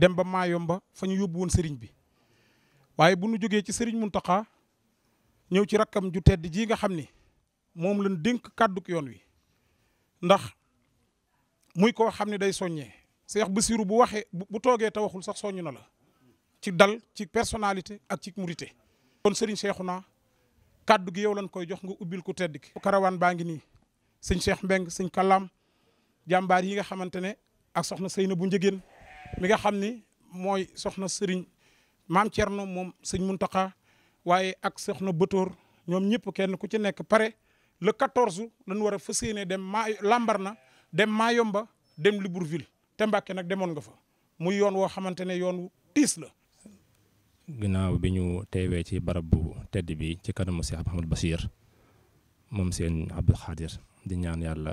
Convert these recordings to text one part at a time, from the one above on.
dem ba Maayomba fa ñu yóbbu woon sëriñ bi waaye bu nu jógee ci sëriñ Muntaxa ñëw ci rakkam ju tedd ji nga xam ni moom lañ dénk kàdduk yoon wi ndax muy koo xam ne day soññee Seex Basiru bu waxee bu toogee te waxul sax soññ na la ci dal ci personnalité ak ci murité kon sëriñ Seexuna kàddu gi yow lañ koy jox nga ubbil ku tedd ki karawaan baa ngi nii sëñ Cheikh Mbeng sëñ kalam jàmbaar yi nga xamante ne ak soxna na bu njëgeen mi nga xam ni mooy soxna sëriñ maam Thierno moom sëñ taxa waaye ak soxna Batoor ñoom ñëpp kenn ku ci nekk pare le 14 lañ war a fas yéene dem lambar na dem Mayomba dem Libreville te Mbàkke nag demoon nga fa muy yoon woo xamante ne yoon tiis la. ginnaaw bi ñu teewee ci barab bu tedd bi ci kanamu Cheikh Mouhamadou Bachir moom seen Abdou Khadir di ñaan yàlla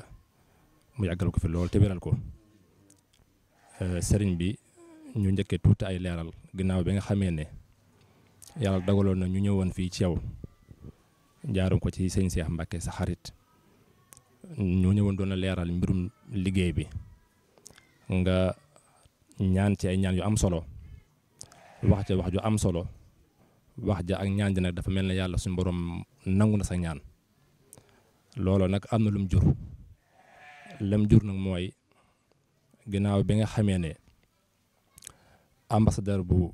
mu yàggal ko fi loolu te wéral ko. Euh, sëriñ bi ñu njëkkee tuuti ay leeral ginnaaw bi nga xamee ne yàlla dogaloon na ñu ñëwoon fii ci yow jaarum ko ci sëñ Cheikh Mbacke sa xarit ñu ñëwoon doon a leeral mbirum liggéey bi nga ñaan ci ay ñaan yu am solo wax ja wax ju am solo wax ja ak ñaan ji nag dafa mel ne yàlla suñu borom nangu na sa ñaan looloo nag am na lum jur lam jur nag mooy ginnaaw bi nga xamee ne ambassadeur bu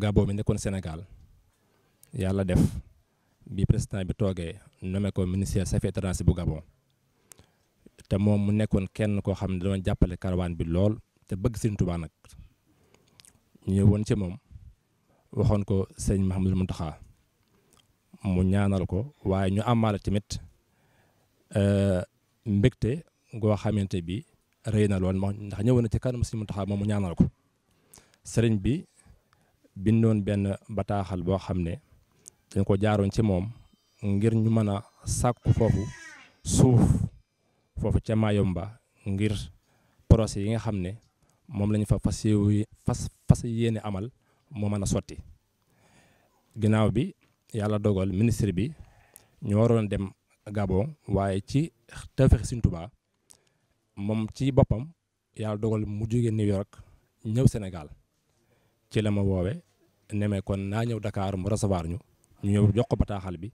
Gabon bi nekkoon Sénégal yàlla def bi président bi toogee nommé ko ministère affaires étrangères bu Gabon te moom mu nekkoon kenn koo xam ne dama jàppale caravane bi lool te bëgg Serigne Touba nag ñu woon ci moom waxoon ko sëñ Mouhamadou Mountakha mu ñaanal ko waaye ñu amaale tamit euh, mbégte goo xamante bi rëy na lool ndax ñëw na ci kanam Sëriñ Muntaxa moom mu ñaanal ko sëriñ bi bindoon benn bataaxal boo xam ne dañ ko jaaroon ci moom ngir ñu mën a sàkku foofu suuf foofu ca Mayumba ngir procès yi nga xam ne moom lañu fa fas fas fas yéene amal moo mën a sotti ginnaaw bi yàlla dogal ministre bi ñu waroon dem Gabon waaye ci tawfeex Sëriñ Tuubaa moom ci boppam yàlla dogal mu jóge New York ñëw Sénégal ci la ma woowe ne kon naa ñëw dakaar mu recevoir ñu ñu ñëw jox ko bataaxal bi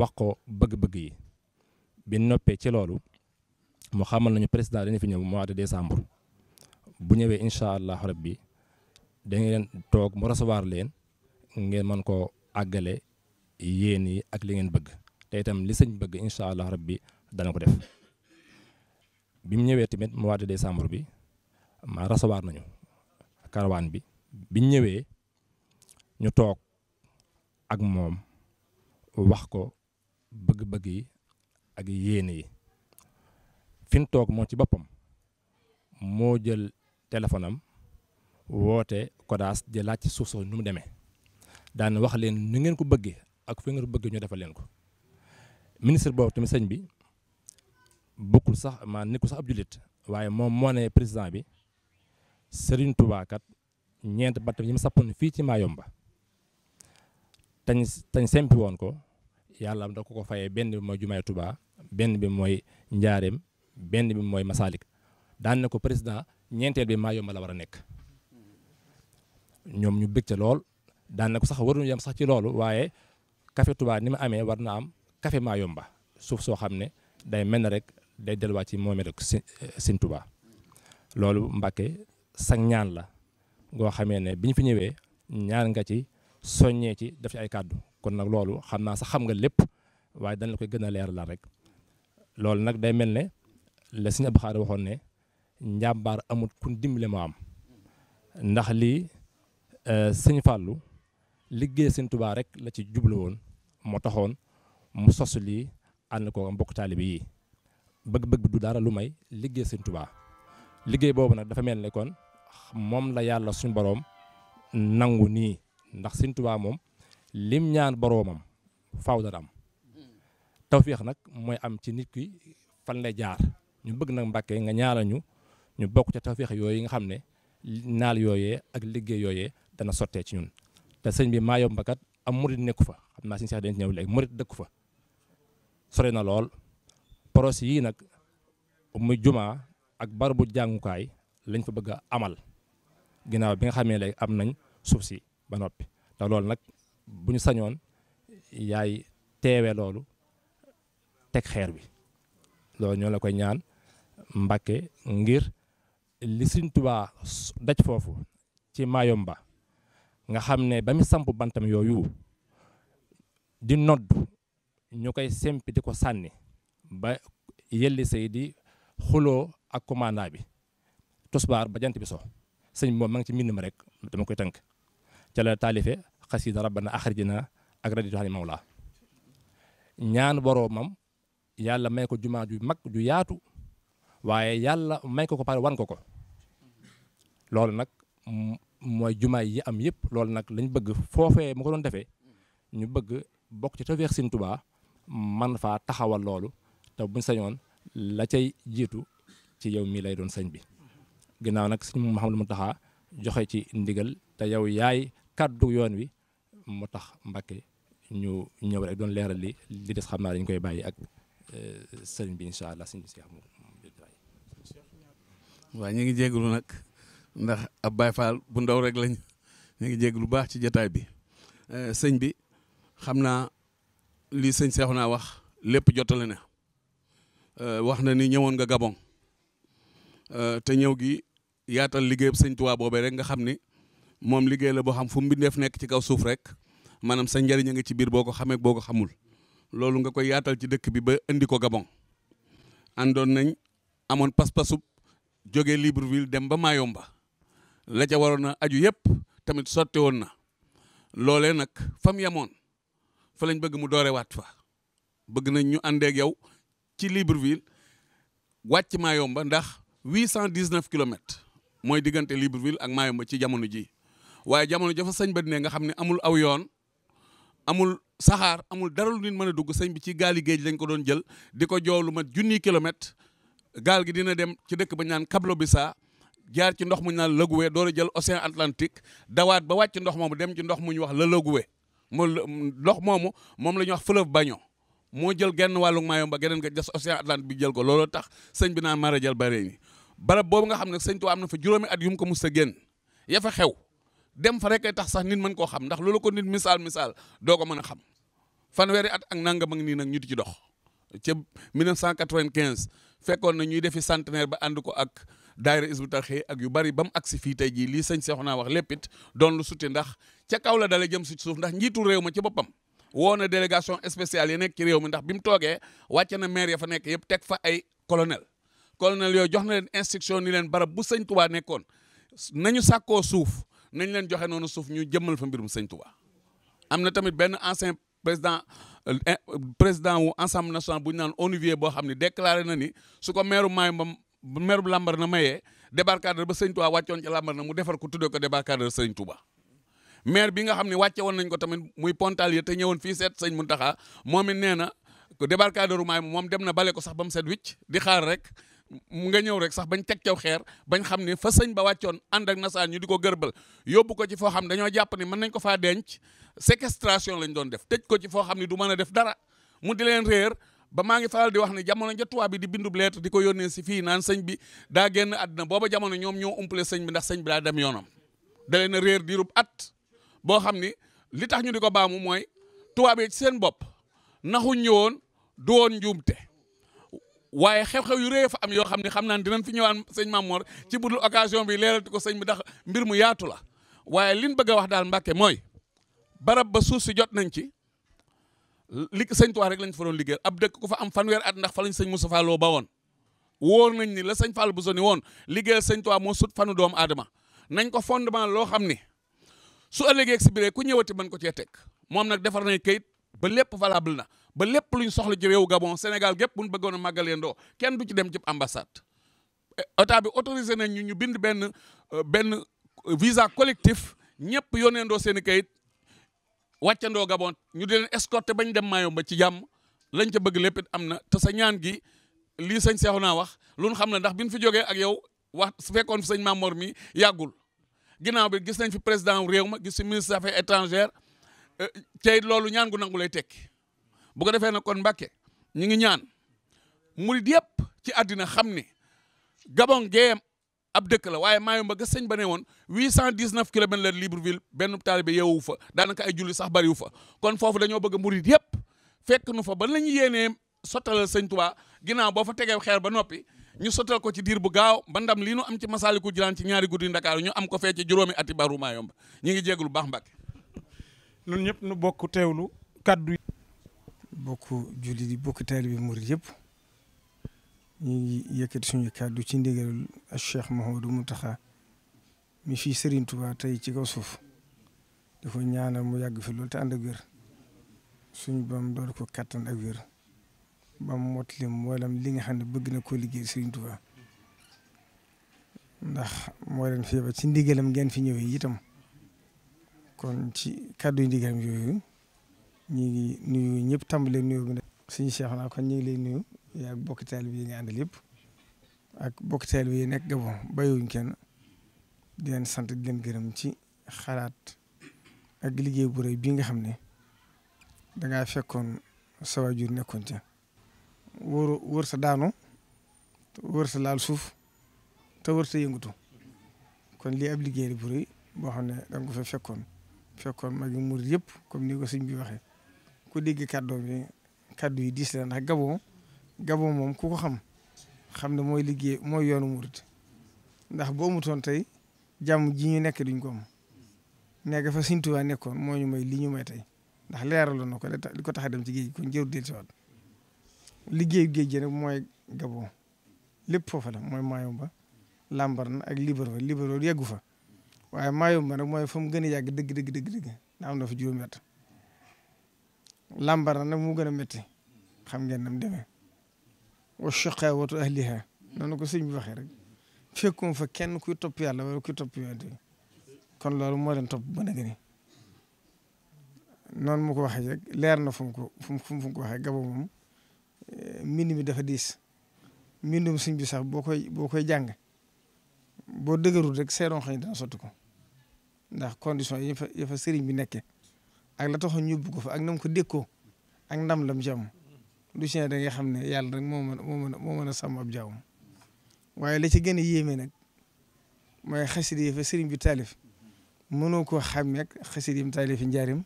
wax ko bëgg-bëgg yi bi noppee ci loolu mu xamal nañu président dañu fi ñëw mois de décembre bu ñëwee insha allah rabbi dañu leen toog mu recevoir leen ngeen mën koo àggale yéen yi ak li ngeen bëgg te itam li sëñ bëgg incha allah rabbi dana ko def. bi mu ñëwee tamit mois dee décembre bi ma recevoir nañu caravane bi biñ ñëwee ñu toog ak moom wax ko bëgg-bëgg yi ak yéene yi fi ñu toog moom ci boppam moo jël téléphone am woote Kodas di ci suuf soo nu mu demee daan wax leen nu ngeen ko bëggee ak fi ngeen ko bëggee ñu defal leen ko ministre boobu tamit sëñ bi bokkul sax maa nekkul sax ab jullit waaye moom moo ne président bi sëriñ tubaakat kat ñeent bàtt yi mu sappoon fii ci Mayumba tañ tañ sempi woon ko yàlla da ko ko fayee benn bi mooy jumaay Touba benn bi mooy njaareem benn bi mooy Masalik daan na ko président ñeenteel bi Mayumba la war a nekk ñoom ñu bëgg ca lool daan na ko sax waruñu yem sax ci loolu waaye café Touba ni mu amee war na am café Mayumba suuf soo xam ne day mel ne rek day delluwaat ci moomee rek Sëñ eh, Tuubaa loolu Mbàkke sag ñaan la goo xamee ne bi ñu fi ñëwee ñaan nga ci soññee ci def ci ay kàddu kon nag loolu xam naa sax xam nga lépp waaye dana la koy gën a leer rek loolu nag day mel ne la Sëñ Abdu waxoon ne njàmbaar amut kun dimbale mu am ndax lii eh, Sëñ Fàllu liggéey Sëñ Tuubaa rek la ci jublu woon moo taxoon mu sos lii ànd ko mbokk taalibe yii bëgg-bëgg du dara lu may liggéey sëñ liggéey boobu nag dafa mel ni kon moom la yàlla suñ boroom nangu nii ndax sëñ Tuubaa moom lim ñaan boroomam faaw dara am tawféex nag mooy am ci nit ki fan lay jaar ñu bëgg nag Mbàkke nga ñaanal ñu ñu bokk ca tawféex yooyu nga xam ne naal yooyee ak liggéey yooyee dana sottee ci ñun te sëñ bi maa yomb kat am murit nekku fa xam naa suñu seex dañ ci ñëw léegi murit dëkku fa sore na lool. projet yii nag muy jumaa ak barabu jàngukaay lañ fa bëgg a amal ginnaaw bi nga xamee léegi am nañ suuf si ba noppi te loolu nag bu ñu sañoon yaay teewe loolu teg xeer bi loolu ñoo la koy ñaan Mbàkke ngir li Sëriñ daj foofu ci ba nga xam ne ba mu samp bantam yooyu di nodd ñu koy sempi di ko sànni ba yelli say xuloo ak commandant bi tosbaar ba jant bi so sëñ moom ma ci mbind ma rek dama koy tënk ca la taalife xasida rabbana axrijina ak raditu hani mawla ñaan boroomam yàlla may ko jumaa ju mag ju yaatu waaye yàlla may ko ko pare wan ko loolu nag mooy jumaa yi am yëpp loolu nag lañ bëgg foofee mu ko doon defee ñu bëgg bokk ci tawfeex Sëñ Tuubaa man faa taxawal loolu te buñ sañoon la cay jiitu ci yow mii lay doon sañ bi ginnaaw nag sëñ Mouhamadou Mountakha joxe ci ndigal te yow yaay kàddu yoon wi mu tax Mbàkke ñu ñëw rek doon leeral li li des xam naa dañ koy bàyyi ak euh, sëriñ bi incha allah sëriñ Cheikh moom waaw ñu ngi jégalu nag ndax ab bu ndaw rek lañ ñu ngi jégalu baax ci jataay bi euh, sëñ bi xam naa sëñ Cheikh naa wax lépp jotale na. Euh, wax na ni ñëwoon nga Gabon euh, te ñëw gi yaatal liggéeyam sëñ Tuubaa boobe rek nga xam ni moom liggéey la boo xam fu mu mbindeef nekk ci kaw suuf rek maanaam sa njëriñ a ngi ci biir boo ko xamee boo ko xamul loolu nga koy yaatal ci dëkk bi ba indi ko Gabon àndoon nañ amoon pas-pasub jóge Libreville dem ba Mayomba la ca waroon a aju yëpp tamit sotte woon na loolee nag fam yamoon fa lañ bëgg mu doore waat fa bëgg nañ ñu àndeek yow ci Libreville wàcc Mayomba ndax cent 819 kilomètres mooy diggante Libreville ak Mayomba ci jamono ji waaye jamono jafa sëñ ba ne nga xam ne amul aw yoon amul saxaar amul dara lu nit mën a dugg sëñ bi ci gaali géej lañ ko doon jël di ko joow lu mat junniy kilomètres gaal gi dina dem ci dëkk ba ñaan Kablo Bisa jaar ci ndox mu ñu naan Lëguwe door a jël océan Atlantique dawaat ba wàcc ndox moomu dem ci ndox mu ñu wax la Lëguwe mo ndox moomu moom la ñuy wax fleuve Bagnon moo jël genn wàllug Mayumba geneen nga des océan Atlantique bi jël ko looloo tax sëñ bi naan mara jël bare ni barab boobu nga xam ne sëñ Tuubaa am na fa juróomi at yu mu ko mus a fa xew dem fa rek tax sax nit man koo xam ndax loolu ko nit misaal misaal doo ko mën a xam fanweeri at ak nangam ak nii nag ñu di ci dox. ca 1995 fekkoon na ñuy defi centenaire ba ànd ko ak daayira Hizbut Tarqiyyah ak yu bari ba mu agsi fii tey jii lii sëñ Seexuna wax lépp doon lu suti ndax ca kaw la dalee jëm si suuf ndax njiitu réew ma ci boppam. woo na délégation spéciale yi nekk ci réew mi ndax bi mu toogee wàcce na maire ya fa nekk yëpp teg fa ay colonel colonel yooyu jox na leen instruction ni leen barab bu sëñ Touba nekkoon nañu sako suuf nañ leen joxe noonu suuf ñu jëmmal fa mbirum sëñ Touba am na tamit benn ancien président euh, président wu ensemble national bu ñu naan Olivier boo xam ne déclaré na ni su ko maire maay ba maire bu Lambaréné mayee débarcadère ba sëñ Touba wàccoon ci Lambaréné mu defar ko tuddee ko débarcadère sëñ maire bi nga xam ne wàcce woon nañ ko tamit muy Pontalier te ñëwoon fii seet sëñ Mountakha moom it nee na débarcadeur Maay moom dem na bale ko sax ba mu set wicc di xaar rek mu nga ñëw rek sax bañ teg caw xeer bañ xam ne fa sëñ ba wàccoon ànd ak nasaan ñu di ko gërbal yóbbu ko ci foo xam dañoo jàpp ni mën nañ ko faa denc séquestration lañ doon def tëj ko ci foo xam ne du mën a def dara mu di leen réer ba maa ngi faral di wax ne jamono ja tubaab bi di bindub leet di ko yónnee si fii naan sëñ bi daa génn àddina booba jamono ñoom ñoo umpale sëñ bi ndax sëñ bi daa dem yoonam at boo xam ni li tax ñu di ko baamu mooy tubaab yi seen bopp naxu ñu woon du woon njuumte waaye xew-xew yu rëy fa am yoo xam ne xam naa dinan dinañ fi ñëwaan sëñ Mamour ci budul occasion bi leeralati ko sëñ bi dax mbir mu yaatu la waaye liñ bëgg a wax daal Mbàkke mooy barab ba suuf si jot nañ ci li sëñ Tuubaa rek lañ fa doon liggéeyal ab dëkk ko fa am fanweer at ndax fa lañ sëñ Moustapha Lo ba woon wóor nañ ni la sëñ Fall bu soni woon liggéeyal sëñ Tuubaa moo fanu doomu aadama nañ ko fondement loo xam ni su ëllëgee si biir ku ñëwati mën ko cee teg moom nag defar nañ kayit ba lépp valable na ba lépp luñ soxla ci réew Gabon Sénégal gépp buñ bëggoon a màggalee ndoo kenn du ci dem ci ambassade eh, état bi autorisé nañ ñu ñu bind benn euh, benn visa collectif ñëpp yónneendoo seen i kayit wàccandoo Gabon ñu di leen escorté bañ dem ba ci jàmm lañ ca bëgg lépp am na te sa ñaan gi lii sëñ Seexu naa wax lu xam ne ndax biñ fi jógee ak yow wax su fekkoon fi sëñ Mamor mi yàggul ginnaaw bi gis nañ fi président réew ma gis fi ministre des affaires étrangères euh, tey loolu ñaan gu nangu lay tekki bu ko defee nag kon Mbàkke ñu ngi ñaan murid yëpp ci àddina xam ne Gabon géeyam ab dëkk la waaye Mayumba ga sëñ ba ne woon 819 kilomètres la Libreville benn bi yeewu fa daanaka ay julli sax bariwu fa kon foofu dañoo bëgg murid yëpp fekk nu fa ba la ñu yéenee sottalal sëñ Tuubaa ginaaw boo fa tegee xeer ba noppi ñu sottal ko ci diir bu gaaw ba ndam lii nu am ci Masaalikul Jinaan ci ñaari guddi Ndakaaru ñu am ko fee ci juróomi ati baru maa yomb ñu ngi jégalu baax Mbàkke ñun ñëpp nu bokk teewlu kaddu bokku julli di bokk taalibe murid yëpp ñu ngi yëkkati suñu kaddu ci ndigalul Cheikh Mouhamadou Mountakha mi fii Serigne Touba tey ci kaw suuf di ko ñaanal mu yàgg fi loolu te ànd ak wér suñu bam doon ko kattan ak wér ba mu mottali mboolem li nga xam ne bëgg na koo liggéey Serigne Touba ndax moo leen ci ndigalam ngeen fi ñëwee itam kon ci kàddu ndigalam yooyu ñu ngi nuyu ñëpp tàmbalee nuyu bi nag suñu Cheikh naa kon ñu ngi lay nuyu yaa ngi bokk taalibe yi nga àndal ak bokk taalibe yi nekk Gabon bàyyiwuñ kenn di leen sant di leen gërëm ci xalaat ak liggéey bu bii nga xam ne danga fekkoon sa waajur nekkoon ca wóor wër sa daanu wër sa laal suuf te wër sa yëngatu kon lii ab liggéey bu rëy boo xam ne da ko fa fekkoon fekkoon magi murit yëpp comme ni ko sëñ bi waxee ku dégg kàddoo bi kàddu yi diis la ndax gabon gabon moom ku ko xam xam ne mooy liggéey mooy yoonu murit ndax boo amutoon tey jàmm ji ñu nekk duñ ko am nekk fa sëñ Tuubaa nekkoon moo ñu may li ñu may tey ndax leeral leeraloon na ko li ko tax dem ci géej gi kon jëru dellusiwaat liggéeyu géej gi nag mooy Gabon lépp foofa la mooy Mayumba Lambaréné ak Libreville Libreville yeggu fa waaye Mayumba nag mooy fa mu gën a yàgg dëgg dëgg dëgg dëgg na am na fa juróomi at Lambaréné nag mu gën a métti xam ngeen nam ahliha noonu ko sëñ waxee rek fekkum fa kenn kuy topp yàlla wala kuy topp yonent kon loolu mooy leen topp ba nag noonu mu ko waxee rek leer na fu mu ko fu ko waxee Gabon moom mbind mi dafa diis mbindum sëñ bi sax boo koy boo koy jàng boo dëgërul rek seeroon xëy dana sotti ko ndax condition yi fa yi fa sëriñ bi nekkee ak la taxoon ñu yóbbu ko fa ak nam ko dékkoo ak ndam lam ci am lu ci ne da nga xam ne yàlla rek moo mën moo mën moo mën a sàmm ab jaawam waaye la ci gën a yéeme nag mooy xasida yi sëriñ bi taalif mënoo koo xàmmeek xasida yi mu taalif njaarim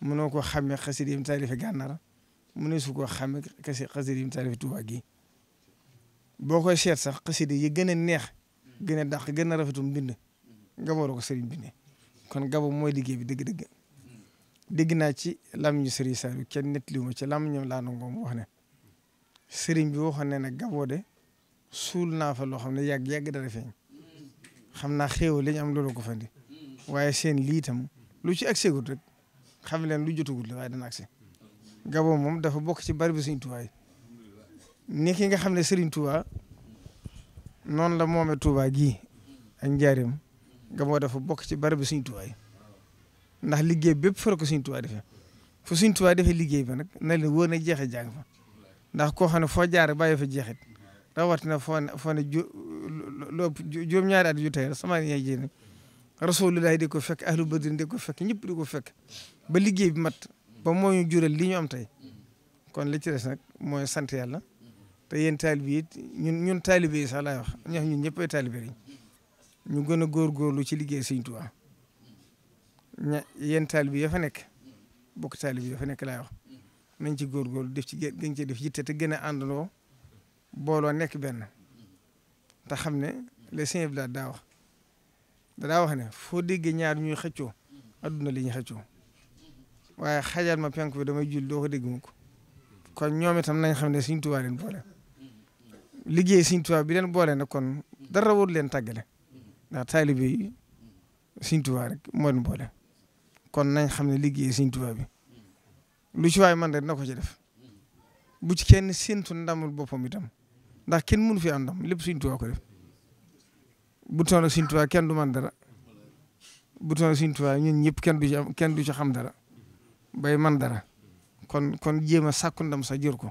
mënoo ko xàmmeek xasida yi mu taalif gànnaar mu ne su ko xamee kese xasida yi mu taalif Tuubaa gi boo ko seet sax xasida yi gën a neex gën a dàq gën a rafetum bind gabooro ko sëriñ bi ne kon gabo mooy liggéey bi dëgg-dëgg dégg naa ci lam ñu sëriñ Saliou kenn nettaliwu ma ci lam ñoom laa nangoo mu wax ne sëriñ bi waxoon ne nag gaboo de suul naa fa loo xam ne yàgg-yàgg dara feeñ xam naa xéewal li ñu am loolu ko fandi waaye seen lii itam lu ci agsegut rek xam leen lu jotagut la waaye dana agsi Gabon moom dafa bokk ci bari bi Sëriñ Tuubaa yi ni ki nga xam ne Sëriñ Tuubaa noonu la moome Tuubaa gii ak njaareem Gabon dafa bokk ci bari bi Sëriñ ndax liggéey bépp fara ko Sëriñ Tuubaa defee fu Sëriñ Tuubaa defee liggéey ba nag na leen wóor na jeexe jàng fa ndax koo xam ne foo jaar bàyyi fa jeexe rawatina foo ne foo ne ju loo juróom-ñaari at ju sama yaay jéem Rasulullah di ko di ko fekk ñëpp di ko fekk ba liggéey bi mat ba moo ñu jural li ñu tey kon li ci des nag mooy sant yàlla te yéen taalibe yi it ñun ñun taalibe yi sax laay wax ñoo ñun ñëpp ay ñu gën a góorgóorlu ci liggéey Sëñ Tuubaa ña yéen taalibe fa nekk bokk taalibe yi fa nekk laay wax nañ ci góorgóorlu def ci gën ci def yitte te gën a àndandoo booloo nekk benn te xam ne le Sëñ Abdou daa wax da daa wax ne foo déggee ñaar ñuy xëccoo adduna li xëccoo. waaye xajal ma penk bi damay jul doo ko dégg mu ko kon ñoom itam nañ xam ne Sëriñ Tuubaa leen boole liggéey Sëriñ Tuubaa bi leen boole nag kon dara wut leen tàggale ndax taalibe yi Sëriñ Tuubaa rek moo leen boole kon nañ xam ne liggéey Sëriñ Tuubaa bi lu ci waay man de dina ko ci def bu ci kenn séntu ndamul boppam itam ndax kenn mënu fi am ndam lépp Sëriñ ko bu toon ak Sëriñ kenn du man dara bu toon ak Sëriñ Tuubaa ñun ñëpp kenn du ci am kenn du ci xam dara bay man dara kon kon jéem a sàkku ndam sa jur ko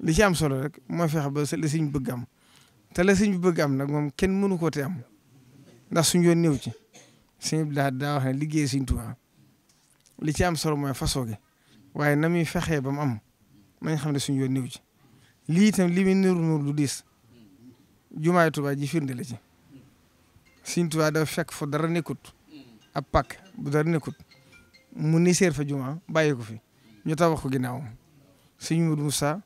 li ci am solo rek mooy fexe ba la suñ bëgg am te la suñ bëgg am nag moom kenn mënu ko te am ndax suñ yoon néew ci suñu bilaat daa wax ne liggéey suñ Tuubaa li ci am solo mooy façon gi waaye na muy fexee ba mu am nañ xam ne suñ yoon néew ci lii itam li muy nuru nuru lu diis jumaay Tuubaa ji firnde la ci suñ Tuubaa dafa fekk fu dara nekkut ab pak bu dara nekkut mu ni seer fa juma bàyyi ko fi ñu tabax ko ginnaawam sëñ Modou Moussa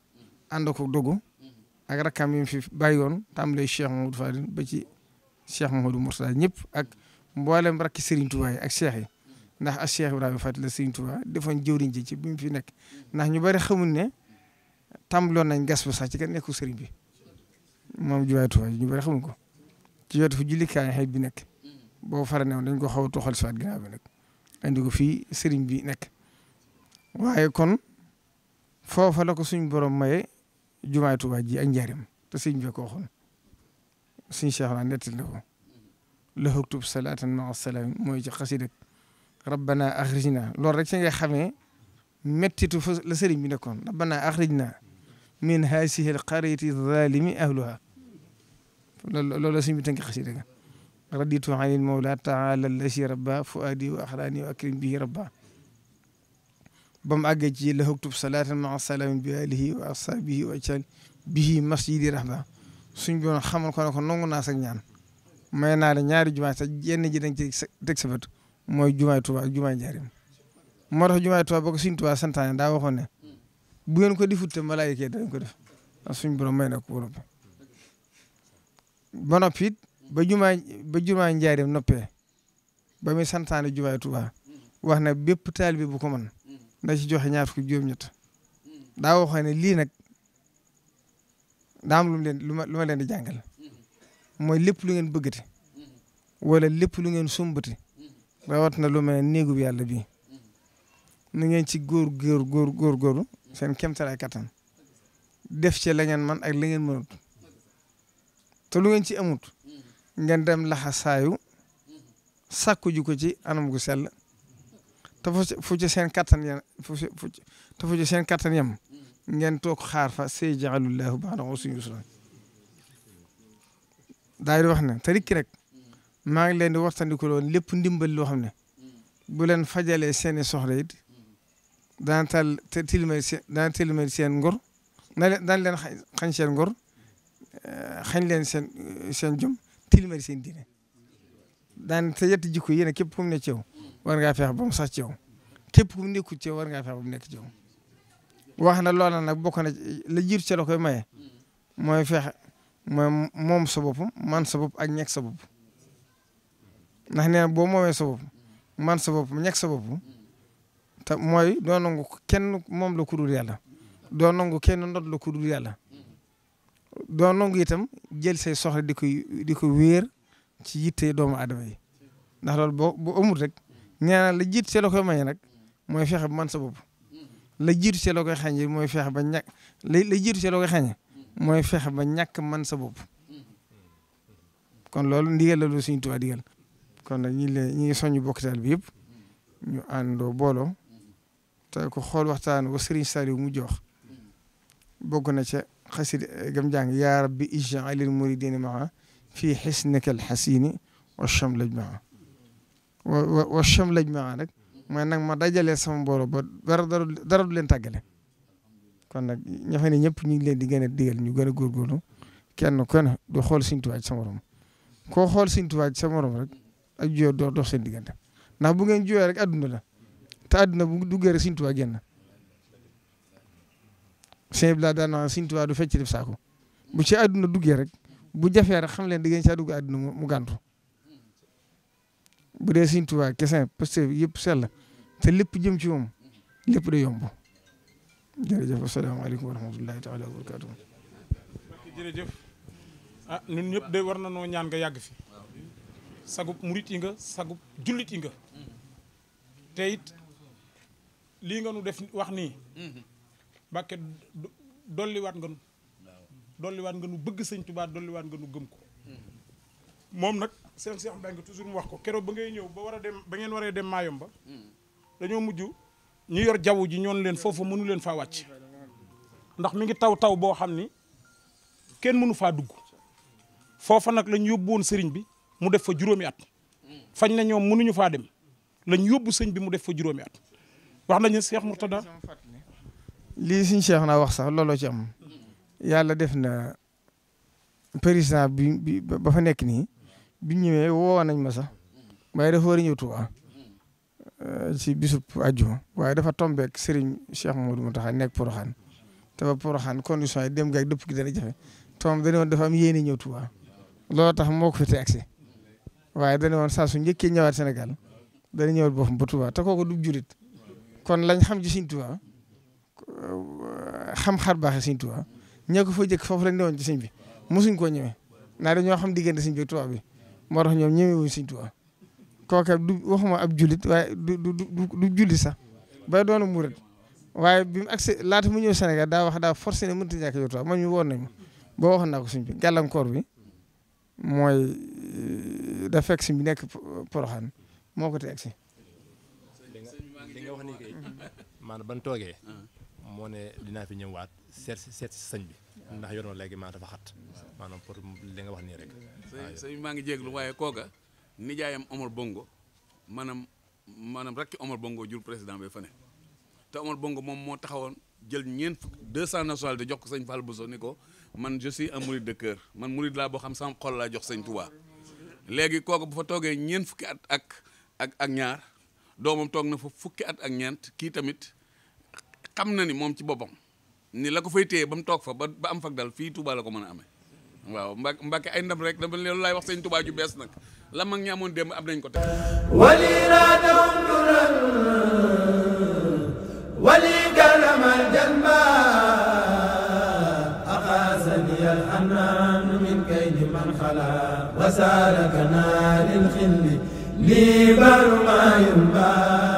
ànd ko dogu ak rakkam yi fi bàyyi woon tàmbalee Cheikh Mamadou Fadil ba ci Cheikh Mamadou Mourtada ñëpp ak mboolem rakki Serigne Touba yi ak Cheikh yi ndax ak Cheikh Ibrahima Fadil la Serigne Touba defoon jëwriñ ji ci bi mu fi nekk ndax ñu bari xamul ne tàmbaloon nañ gas ba sax ci kan nekkul Serigne bi moom juwaay Touba ñu bari xamul ko ci yotu fu jullikaay xeet bi nekk boo farane woon dañ ko xaw a toxal si waat ginnaaw andi ko fii sëriñ bi nekk waaye kon foofa la ko suñ borom maye jumaay Tuubaa ji ak njaarim te sëriñ bi ko waxoon suñ Cheikh naa nettil na ko la huktub salaatan maa salaam mooy ci xasidak rabbana axrijna loolu rek ci nga xamee mettitu fa la sëriñ bi nekkoon rabbana axrijna min haasihi alqaryati zalimi ahluha loolu la suñ bi tënk xasida raditu anil mawla taala lasi rabba fuadi wa axraani wa bihi rabba ba mu àggee ci la huktub salaatan maa salaamin bi alihi wa bihi masjidi rahba suñ boon xamal ko ne ko naa sag ñaan may naa la ñaari jumaa te yenn ji dañ ci mooy jumaay Tuubaa ak jumaay Njaaréem moo tax jumaay Tuubaa suñ Tuubaa santaane daa waxoon ne bu ngeen ko defut te ko def suñ borom may na ko ba noppi ba noppi ba jumaa ba jumaa njaarim noppee ba muy santaane jumaay Tuubaa wax na bépp taalibe bu ko mën na ci joxe ñaar fukki juróom-ñett daa waxoon ne lii nag daam am lu leen lu di jàngal mooy lépp lu ngeen bëggati wala lépp lu ngeen sumbati rawat na lu mel ne néegu bi yàlla ngeen ci góor góor góor góor góoru seen kemtalaay kattan def ci la man ak la ngeen mënut te lu ngeen ci amut ngeen dem laxa saayu sàkku ji ko ci ana gu sell te fu seen kattan yem fu ci te fu ci ngeen toog xaar fa say jaalullahu baana usrin yusra daal di wax ne te rikki maa ngi leen di waxtandiku loon lépp ndimbal loo xam ne bu leen fajalee seen i soxla it daan tal te tilimal seen daan tilimal seen ngor daan leen xañ seen ngor eh, xañ leen seen seen jom tilmal seen diine daan sa yetti jikko yi ne képp ku mu ne ci yow war ngaa feex ba mu sax ci yow képp ku mu nekkul ci yow war ngaa feex ba mu nekk ci yow wax na loola nag bokk na la jiitu ci la koy maye mooy feex mooy moom sa bopp man sa bopp ak ñekk sa bopp ndax nee na boo moomee sa bopp man sa bopp ñekk sa bopp te mooy doo nangu kenn moom la ku yàlla doo nangu kenn ndot la ku dul yàlla doo nangu itam jël say soxla di koy di ko wéer ci yitte doomu aadama yi ndax loolu boo bu amul rek ñaanal la jiit see la koy maye nag mooy fexe ba man sa bopp la jiitu see la koy mooy fexe ba ñàkk la la jiitu see la koy mooy fexe ba ñàkk man sa bopp kon loolu ndigal la loolu suñu Tuubaa digal kon nag ñu ngi leen ñu ngi soññu bokkitaal bi yëpp ñu àndoo booloo te ko xool waxtaan wa Serigne Saliou mu jox bokk na ca. xasida gam jàng yaa rabbi ij'alil muridina maa fii xisnika alxasini wa chamlaj maa wa wa chamlaj maa nag mooy nag ma dajalee sama mbooloo ba dara dara du leen tàggale kon nag ña fa ne ñëpp ñu ngi leen di gën a digal ñu gën a góorgóorlu kenn ku ne du xool Sëñ Tuubaa ci sa morom koo xool Sëñ sa morom rek ak juyoo dox dox seen diggante ndax bu ngeen juyoo rek adduna la te adduna bu duggee rek Sëñ Tuubaa sëñ bi laa daan du fecc def saako bu ci àdduna duggee rek bu jafee rek xam leen da ngeen caa dugg àdduna mu gàntu bu dee sëñ Tuubaa kese parce que yëpp sell te lépp jëm ci moom lépp da yomb jërëjëf asalaamaaleykum wa rahmatullahi taala wa barakaatu jërëjëf ah ñun ñëpp de war na noo ñaan nga yàgg fi sagub murit yi nga sagub jullit yi nga te lii nga nu def wax nii mm-hmm. Mbàkke dolliwaat nga nu dolliwaat nga nu bëgg sëñ Tuubaa dolliwaat nga nu gëm ko moom nag seen Seex Mbàkke toujours mu wax ko keroog ba ngay ñëw ba war a dem ba ngeen waree dem Maayomba hmm. dañoo mujj ñu yor jaww ji ñoon leen foofu mënu leen faa wàcc ndax mi ngi taw taw boo xam ni kenn mënu faa dugg foofa nag lañ yóbbu woon sëriñ bi mu def fa juróomi at hmm. fañ na ñoom mënuñu faa dem lañ yóbbu sëñ bi mu def fa juróomi at wax nañu Seex Murtada lii suñ Cheikh naa wax sax looloo ci am yàlla def na président bi ba fa nekk nii bi ñëwee woo nañ ma sax waaye dafa war a ñëw Tuubaa euh, ci bisub àjjuma waaye dafa tombeek Serigne Cheikh Modou Moutakha nekk Porokhane te ba Porokhane condition yi dem gaak dëpp gi dana jafe tomb dañu woon dafa am yéene ñëw Tuubaa looloo tax moo ko fi te agsi waaye dañu woon saa su njëkkee ñëwaat Sénégal dana ñëwaat boppam ba Tuubaa te kooku du jurit kon lañ xam ci Serigne Tuubaa Euh, xam xar baaxee sëñ Tuubaa ñoo ko fa jëkk foofu lañ newoon ci sëñ bi mosuñ koo ñëwee naa ñoo xam diggante sëñ bi Tuubaa bi moo tax ñoom ñëwee wuñ sëñ Tuubaa kooka du waxuma ab jullit waaye du du du jullit sax ba doonu murit waaye bi mu agsi laata mu ñëw Sénégal daa wax daa forcé ne mënut a ñàkk yow Tuubaa man boo waxoon naa ko gàllankoor bi mooy euh, da fekk sëñ bi nekk Poroxaan moo ko teg si. maanaam moo ne dinaa fi ñëwaat seet si seet bi ndax yoon léegi maa dafa xat maanaam pour nga wax nii rek sëñ maa ngi jéeglu waaye kooka nijaayam Omar Bongo maanaam maanaam rakki Omar Bongo jur président bi fa ne te Bongo moom moo taxawoon jël ñeent fukk deux cent nationalité jox sañ sëñ bu Bousso ni ko man je suis un mouride de cœur man mouride laa boo xam sama xol laa jox sañ Touba léegi kooku bu fa toogee ñeent fukki at ak ak ak ñaar doomam toog na fa fukki at ak ñeent kii tamit xam na ni moom ci boppam ni la ko fay téye ba mu toog fa ba ba am fag dal fii Touba ko mën a amee waaw Mbàkke ay ndam rek dama leen laay wax sëñ Touba ju bees nag la mag ñi amoon démb am nañ ko tey wali radam duran wali garamal janba aqasani al anan min kaydi man xala wasarakana lil xilli li barma yumba